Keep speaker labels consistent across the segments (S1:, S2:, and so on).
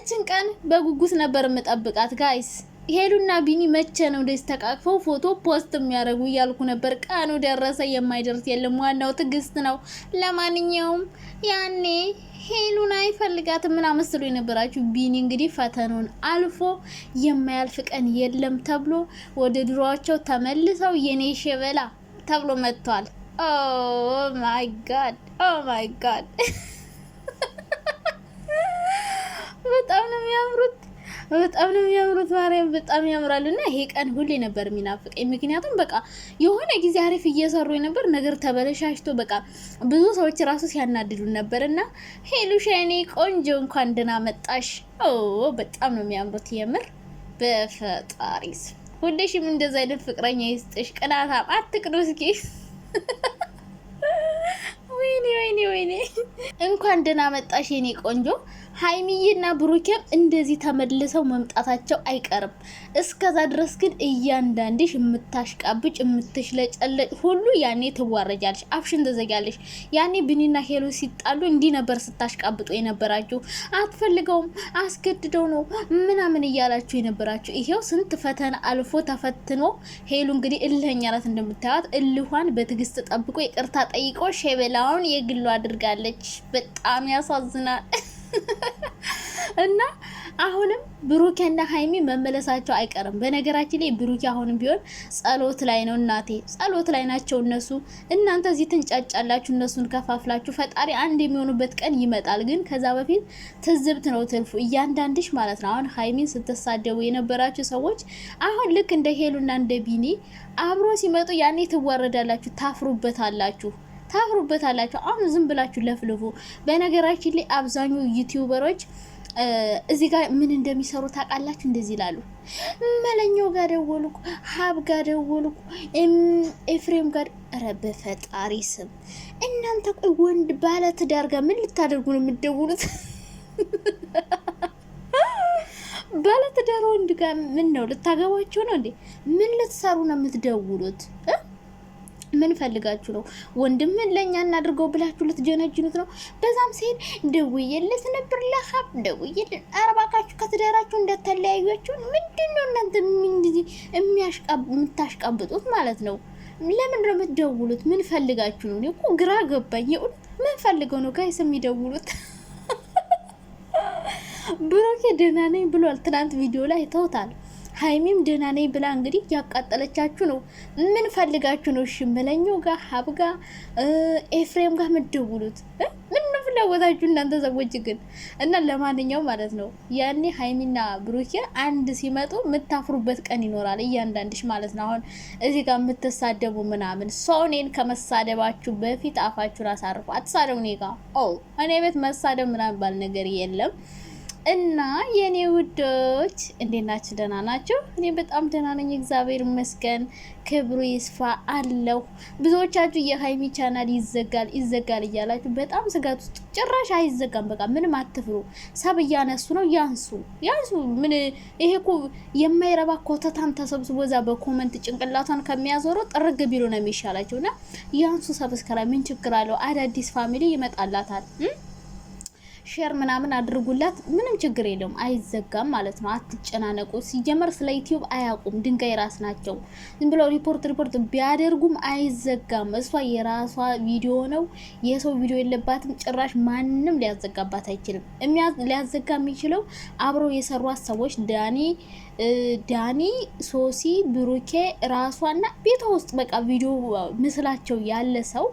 S1: ያችን ቀን በጉጉት ነበር የምጠብቃት ጋይስ። ሄሉና ቢኒ መቼ ነው ደስ ተቃቅፈው ፎቶ ፖስት የሚያደርጉ እያልኩ ነበር። ቀኑ ደረሰ። የማይደርስ የለም፣ ዋናው ትዕግስት ነው። ለማንኛውም ያኔ ሄሉን አይፈልጋትም ምናምን ስትሉ የነበራችሁ ቢኒ እንግዲህ ፈተናውን አልፎ የማያልፍ ቀን የለም ተብሎ ወደ ድሯቸው ተመልሰው የኔ ሸበላ ተብሎ መጥቷል። ኦ ማይ ጋድ ኦ ማይ ጋድ በጣም ነው የሚያምሩት፣ በጣም ነው የሚያምሩት። ማርያም በጣም ያምራሉ። እና ይሄ ቀን ሁሌ ነበር የሚናፍቀኝ። ምክንያቱም በቃ የሆነ ጊዜ አሪፍ እየሰሩ ነበር፣ ነገር ተበለሻሽቶ በቃ ብዙ ሰዎች ራሱ ሲያናድዱ ነበር። እና ሄሉሻ የኔ ቆንጆ እንኳን ደህና መጣሽ። በጣም ነው የሚያምሩት የምር በፈጣሪስ ሁልሽም እንደዚ አይነት ፍቅረኛ ይስጥሽ። ቅናታም አትቅዱ እስኪ። ወይኔ ወይኔ ወይኔ! እንኳን ደህና መጣሽ የኔ ቆንጆ ሀይሚዬና ብሩኬም እንደዚህ ተመልሰው መምጣታቸው አይቀርም። እስከዛ ድረስ ግን እያንዳንድሽ የምታሽቃብጭ የምትሽለጨለጭ ሁሉ ያኔ ትዋረጃለሽ፣ አፍሽን ትዘጋለሽ። ያኔ ብኒና ሄሎ ሲጣሉ እንዲህ ነበር ስታሽቃብጡ የነበራችሁ። አትፈልገውም አስገድደው ነው ምናምን እያላችሁ የነበራችሁ። ይሄው ስንት ፈተና አልፎ ተፈትኖ ሄሉ እንግዲህ እልህኛ ናት እንደምታዩት። እልኋን በትዕግስት ጠብቆ ይቅርታ ጠይቆ ሸበላውን የግሉ አድርጋለች። በጣም ያሳዝናል። እና አሁንም ብሩኬና ሀይሚ መመለሳቸው አይቀርም። በነገራችን ላይ ብሩኬ አሁንም ቢሆን ጸሎት ላይ ነው እናቴ፣ ጸሎት ላይ ናቸው እነሱ። እናንተ እዚህ ትንጫጫላችሁ፣ እነሱን ከፋፍላችሁ። ፈጣሪ አንድ የሚሆኑበት ቀን ይመጣል። ግን ከዛ በፊት ትዝብት ነው ትልፉ፣ እያንዳንድሽ ማለት ነው። አሁን ሀይሚን ስትሳደቡ የነበራችሁ ሰዎች አሁን ልክ እንደ ሄሉና እንደ ቢኒ አብሮ ሲመጡ ያኔ ትዋረዳላችሁ፣ ታፍሩበታላችሁ። ታፍሩበታላችሁ አላችሁ። አሁን ዝም ብላችሁ ለፍልፉ። በነገራችን ላይ አብዛኛው ዩቲዩበሮች እዚህ ጋር ምን እንደሚሰሩ ታውቃላችሁ? እንደዚህ ይላሉ። መለኛው ጋር ደወልኩ፣ ሀብ ጋር ደወልኩ፣ ኤፍሬም ጋር ኧረ በፈጣሪ ስም እናንተ ቆይ ወንድ ባለ ትዳር ጋር ምን ልታደርጉ ነው የምትደውሉት? ባለ ትዳር ወንድ ጋር ምን ነው ልታገባቸው ነው እንዴ? ምን ልትሰሩ ነው የምትደውሉት? ምን ፈልጋችሁ ነው? ወንድምን ለእኛ እናድርገው ብላችሁ ልትጀነጅኑት ነው? በዛም ሲሄድ ደውዬለት ነበር ለሀብ ደውዬለት፣ ኧረ እባካችሁ ከትዳራችሁ እንደተለያዩችሁ ምንድን ነው እናንተ የምታሽቃብጡት ማለት ነው? ለምን ነው የምትደውሉት? ምን ፈልጋችሁ ነው? እኔ እኮ ግራ ገባኝ። ምን ፈልገው ነው ጋይስ የሚደውሉት? ብሮኬ ደህና ነኝ ብሏል። ትናንት ቪዲዮ ላይ ተውታል። ሀይሚም ደህና ነኝ ብላ እንግዲህ እያቃጠለቻችሁ ነው። ምን ፈልጋችሁ ነው? እሺ መለኛው ጋር ሀብ ጋር ኤፍሬም ጋር ምደውሉት ምን ነው ፍላጎታችሁ እናንተ ሰዎች ግን? እና ለማንኛው ማለት ነው ያኔ ሀይሚና ብሩኬ አንድ ሲመጡ የምታፍሩበት ቀን ይኖራል፣ እያንዳንድሽ ማለት ነው። አሁን እዚህ ጋር የምትሳደቡ ምናምን ሰው እኔን ከመሳደባችሁ በፊት አፋችሁን አሳርፉ። አትሳደቡ እኔ ጋር ኦ እኔ ቤት መሳደብ ምናምን ባል ነገር የለም። እና የኔ ውዶች እንዴት ናችሁ? ደህና ናችሁ? እኔ በጣም ደህና ነኝ፣ እግዚአብሔር ይመስገን። ክብሩ ይስፋ አለሁ። ብዙዎቻችሁ የሀይሚ ቻናል ይዘጋል ይዘጋል እያላችሁ በጣም ስጋት ውስጥ፣ ጭራሽ አይዘጋም። በቃ ምንም አትፍሩ። ሰብ እያነሱ ነው፣ ያንሱ ያንሱ። ምን ይሄ እኮ የማይረባ ኮተታን ተሰብስቦ እዛ በኮመንት ጭንቅላቷን ከሚያዞረው ጥርግ ቢሉ ነው የሚሻላቸው። እና ያንሱ ሰብስከራ ምን ችግር አለው? አዳዲስ ፋሚሊ ይመጣላታል። ሼር ምናምን አድርጉላት። ምንም ችግር የለውም፣ አይዘጋም ማለት ነው። አትጨናነቁ። ሲጀመር ስለ ዩቲዩብ አያውቁም፣ ድንጋይ ራስ ናቸው። ዝም ብለው ሪፖርት ሪፖርት ቢያደርጉም አይዘጋም። እሷ የራሷ ቪዲዮ ነው፣ የሰው ቪዲዮ የለባትም። ጭራሽ ማንም ሊያዘጋባት አይችልም። ሊያዘጋ የሚችለው አብረው የሰሯት ሰዎች ዳኒ ዳኒ፣ ሶሲ፣ ብሩኬ ራሷና ቤቷ ውስጥ በቃ ቪዲዮ ምስላቸው ያለ ሰው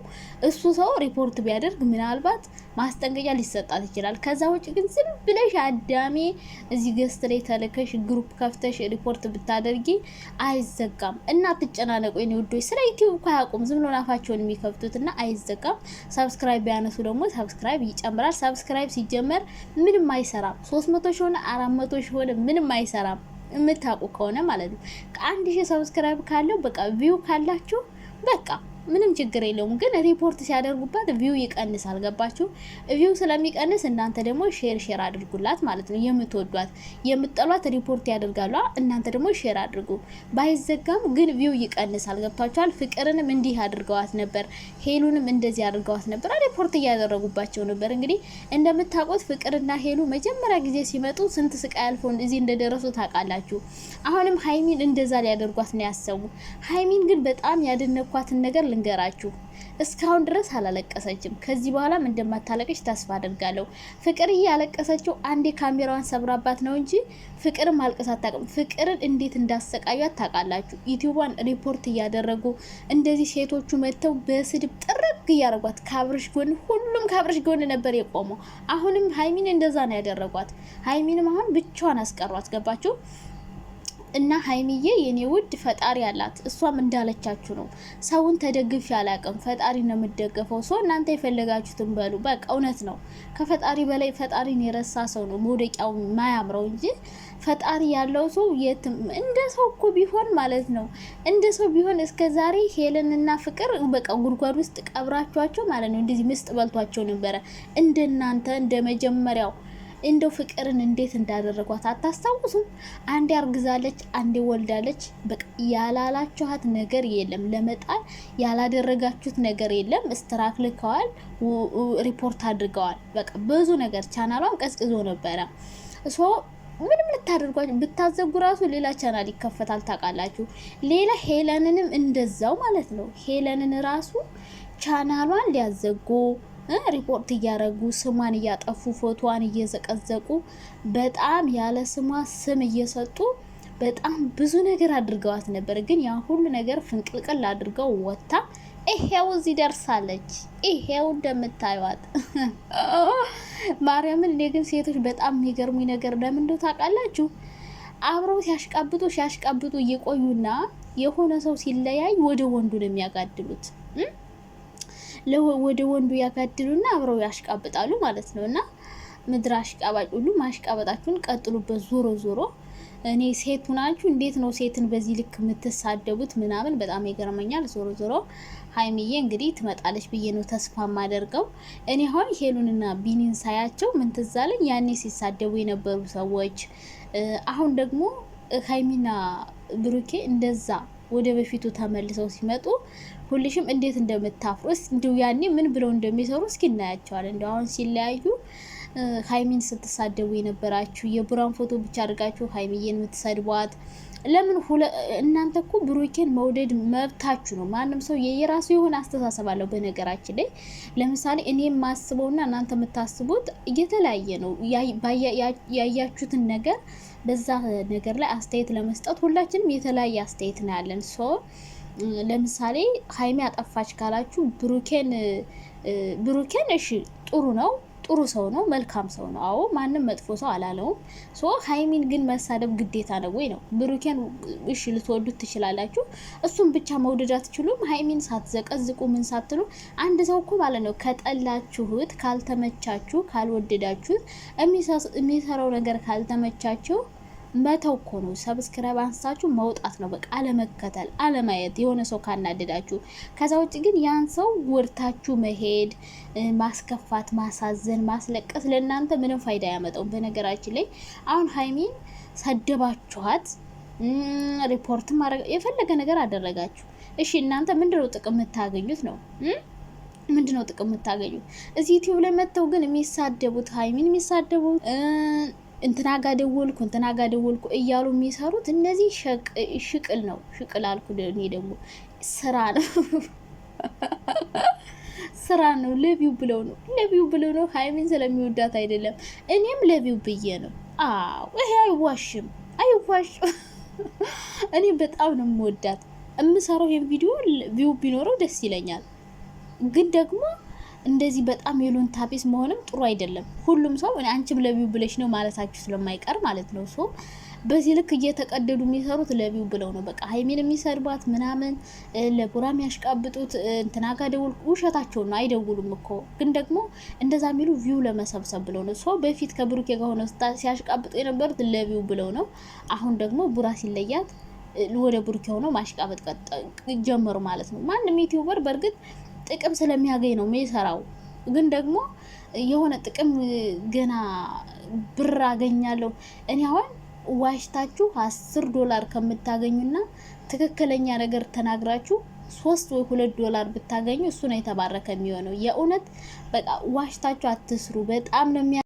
S1: እሱ ሰው ሪፖርት ቢያደርግ ምናልባት ማስጠንቀቂያ ሊሰጣት ይችላል። ይችላል። ከዛ ውጭ ግን ዝም ብለሽ አዳሜ እዚህ ገስት ላይ ተልከሽ ግሩፕ ከፍተሽ ሪፖርት ብታደርጊ አይዘጋም እና ትጨናነቁ የኔ ውዶች። ስለ ዩቲዩብ እኮ አያውቁም ዝም ብሎ ናፋቸውን የሚከፍቱት እና አይዘጋም። ሰብስክራይብ ቢያነሱ ደግሞ ሰብስክራይብ ይጨምራል። ሰብስክራይብ ሲጀመር ምንም አይሰራም። ሶስት መቶ ሺ ሆነ አራት መቶ ሺ ሆነ ምንም አይሰራም። የምታውቁ ከሆነ ማለት ነው ከአንድ ሺህ ሰብስክራይብ ካለው በቃ ቪው ካላችሁ በቃ ምንም ችግር የለውም። ግን ሪፖርት ሲያደርጉባት ቪው ይቀንሳል። ገባችሁ? ቪው ስለሚቀንስ እናንተ ደግሞ ሼር ሼር አድርጉላት ማለት ነው። የምትወዷት የምጠሏት ሪፖርት ያደርጋሏ፣ እናንተ ደግሞ ሼር አድርጉ። ባይዘጋም ግን ቪው ይቀንሳል። ገብታችኋል? ፍቅርንም እንዲህ አድርገዋት ነበር፣ ሄሉንም እንደዚህ አድርገዋት ነበር። ሪፖርት እያደረጉባቸው ነበር። እንግዲህ እንደምታውቁት ፍቅርና ሄሉ መጀመሪያ ጊዜ ሲመጡ ስንት ስቃይ አልፎ እዚህ እንደደረሱ ታውቃላችሁ። አሁንም ሀይሚን እንደዛ ሊያደርጓት ነው ያሰቡ። ሀይሚን ግን በጣም ያደነኳትን ነገር ልንገራችሁ እስካሁን ድረስ አላለቀሰችም። ከዚህ በኋላም እንደማታለቀች ተስፋ አድርጋለሁ። ፍቅር ያለቀሰችው አንዴ ካሜራዋን ሰብራባት ነው እንጂ ፍቅር ማልቀስ አታውቅም። ፍቅርን እንዴት እንዳሰቃዩ ታውቃላችሁ። ዩቲዩቧን ሪፖርት እያደረጉ እንደዚህ ሴቶቹ መጥተው በስድብ ጥርግ እያደረጓት ካብርሽ ጎን፣ ሁሉም ካብርሽ ጎን ነበር የቆመው። አሁንም ሀይሚን እንደዛ ነው ያደረጓት። ሀይሚንም አሁን ብቻዋን አስቀሯት። ገባችሁ? እና ሀይሚዬ የኔ ውድ ፈጣሪ አላት። እሷም እንዳለቻችሁ ነው። ሰውን ተደግፌ አላቅም፣ ፈጣሪ ነው የምደገፈው። ሰው እናንተ የፈለጋችሁትን በሉ። በቃ እውነት ነው። ከፈጣሪ በላይ ፈጣሪን የረሳ ሰው ነው መውደቂያው ማያምረው እንጂ ፈጣሪ ያለው ሰው የትም እንደ ሰው እኮ ቢሆን ማለት ነው እንደ ሰው ቢሆን እስከ ዛሬ ሄለንና ፍቅር በቃ ጉድጓድ ውስጥ ቀብራችኋቸው ማለት ነው። እንደዚህ ምስጥ በልቷቸው ነበረ እንደናንተ እንደ መጀመሪያው እንደው ፍቅርን እንዴት እንዳደረጓት አታስታውሱም? አንዴ አርግዛለች፣ አንዴ ወልዳለች። በቃ ያላላችኋት ነገር የለም፣ ለመጣል ያላደረጋችሁት ነገር የለም። ስትራክ ልከዋል፣ ሪፖርት አድርገዋል። በቃ ብዙ ነገር ቻናሏም ቀዝቅዞ ነበረ ሶ ምንም ልታደርጓቸው ብታዘጉ ራሱ ሌላ ቻናል ይከፈታል። ታውቃላችሁ። ሌላ ሄለንንም እንደዛው ማለት ነው። ሄለንን ራሱ ቻናሏን ሊያዘጉ ሪፖርት እያደረጉ ስሟን እያጠፉ ፎቶዋን እየዘቀዘቁ በጣም ያለ ስሟ ስም እየሰጡ በጣም ብዙ ነገር አድርገዋት ነበር። ግን ያ ሁሉ ነገር ፍንቅልቅል አድርገው ወጥታ ይሄው እዚህ ደርሳለች። ይሄው እንደምታዩት ማርያምን። እኔ ግን ሴቶች በጣም የሚገርሙኝ ነገር ለምን እንደው ታውቃላችሁ? አብረው ሲያሽቃብጡ ሲያሽቃብጡ እየቆዩና የሆነ ሰው ሲለያይ ወደ ወንዱ ነው የሚያጋድሉት። ወደ ወንዱ ያጋድሉና አብረው ያሽቃብጣሉ ማለት ነው። እና ምድር አሽቃባጭ ሁሉ ማሽቃበጣችሁን ቀጥሉበት። ዞሮ ዞሮ እኔ ሴቱ ናችሁ፣ እንዴት ነው ሴትን በዚህ ልክ የምትሳደቡት? ምናምን በጣም ይገርመኛል። ዞሮ ዞሮ ሀይሚዬ እንግዲህ ትመጣለች ብዬ ነው ተስፋ የማደርገው። እኔ አሁን ሄሉንና ቢኒን ሳያቸው ምን ትዝ አለኝ፣ ያኔ ሲሳደቡ የነበሩ ሰዎች አሁን ደግሞ ሀይሚና ብሩኬ እንደዛ ወደ በፊቱ ተመልሰው ሲመጡ ሁልሽም እንዴት እንደምታፍሩ እንዲሁ ያኔ ምን ብለው እንደሚሰሩ እስኪ እናያቸዋል። እንዲ አሁን ሲለያዩ ሀይሚን ስትሳደቡ የነበራችሁ የቡራን ፎቶ ብቻ አድርጋችሁ ሀይሚዬን የምትሰድቧት ለምን? እናንተ እኮ ብሩኬን መውደድ መብታችሁ ነው። ማንም ሰው የየራሱ የሆነ አስተሳሰብ አለው። በነገራችን ላይ ለምሳሌ እኔ የማስበውና እናንተ የምታስቡት እየተለያየ ነው። ያያችሁትን ነገር በዛ ነገር ላይ አስተያየት ለመስጠት ሁላችንም የተለያየ አስተያየት ነው ያለን። ሶ ለምሳሌ ሀይሚ አጠፋች ካላችሁ ብሩኬን ብሩኬን እሺ ጥሩ ነው ጥሩ ሰው ነው፣ መልካም ሰው ነው። አዎ ማንም መጥፎ ሰው አላለውም። ሶ ሀይሚን ግን መሳደብ ግዴታ ነው ወይ ነው? ብሩኬን እሺ ልትወዱት ትችላላችሁ፣ እሱም ብቻ መውደድ አትችሉም። ሀይሚን ሳትዘቀዝቁ ምን ሳትሉ አንድ ሰው እኮ ማለት ነው ከጠላችሁት፣ ካልተመቻችሁ፣ ካልወደዳችሁት፣ የሚሰራው ነገር ካልተመቻችሁ መተው እኮ ነው። ሰብስክራይብ አንስታችሁ መውጣት ነው። በቃ አለመከተል፣ አለማየት የሆነ ሰው ካናደዳችሁ። ከዛ ውጭ ግን ያን ሰው ወርታችሁ መሄድ፣ ማስከፋት፣ ማሳዘን፣ ማስለቀስ ለእናንተ ምንም ፋይዳ ያመጣውም። በነገራችን ላይ አሁን ሀይሚን ሰደባችኋት፣ ሪፖርት የፈለገ ነገር አደረጋችሁ። እሺ እናንተ ምንድነው ጥቅም የምታገኙት ነው ምንድነው ጥቅም የምታገኙት? እዚህ ዩቲዩብ ላይ መጥተው ግን የሚሳደቡት ሀይሚን የሚሳደቡት እንትና ጋ ደወልኩ እንትና ጋ ደወልኩ እያሉ የሚሰሩት እነዚህ ሽቅል ነው። ሽቅል አልኩ እኔ ደግሞ ስራ ነው ስራ ነው። ለቪው ብለው ነው ለቪው ብለው ነው። ሀይሚን ስለሚወዳት አይደለም። እኔም ለቪው ብዬ ነው። አዎ ይሄ አይዋሽም፣ አይዋሽም። እኔ በጣም ነው የምወዳት። የምሰራው ይሄን ቪዲዮ ቪው ቢኖረው ደስ ይለኛል፣ ግን ደግሞ እንደዚህ በጣም የሉን ታፒስ መሆንም ጥሩ አይደለም። ሁሉም ሰው አንቺም ለቢው ብለሽ ነው ማለታችሁ ስለማይቀር ማለት ነው። ሶ በዚህ ልክ እየተቀደዱ የሚሰሩት ለቢው ብለው ነው። በቃ ሀይሜን የሚሰድባት ምናምን ለቡራ ያሽቃብጡት እንትና ጋ ደውል ውሸታቸው ነው። አይደውሉም እኮ ግን ደግሞ እንደዛ የሚሉ ቪው ለመሰብሰብ ብለው ነው። ሶ በፊት ከብሩኬ ጋር ሆነው ሲያሽቃብጡ የነበሩት ለቪው ብለው ነው። አሁን ደግሞ ቡራ ሲለያት ወደ ብሩኬ ሆነው ማሽቃበጥ ጀመሩ ማለት ነው። ማንም ዩቲዩበር በእርግጥ ጥቅም ስለሚያገኝ ነው የሚሰራው። ግን ደግሞ የሆነ ጥቅም ገና ብር አገኛለሁ እኔ አሁን ዋሽታችሁ አስር ዶላር ከምታገኙና ትክክለኛ ነገር ተናግራችሁ ሶስት ወይ ሁለት ዶላር ብታገኙ እሱ ነው የተባረከ የሚሆነው። የእውነት በቃ ዋሽታችሁ አትስሩ። በጣም ነው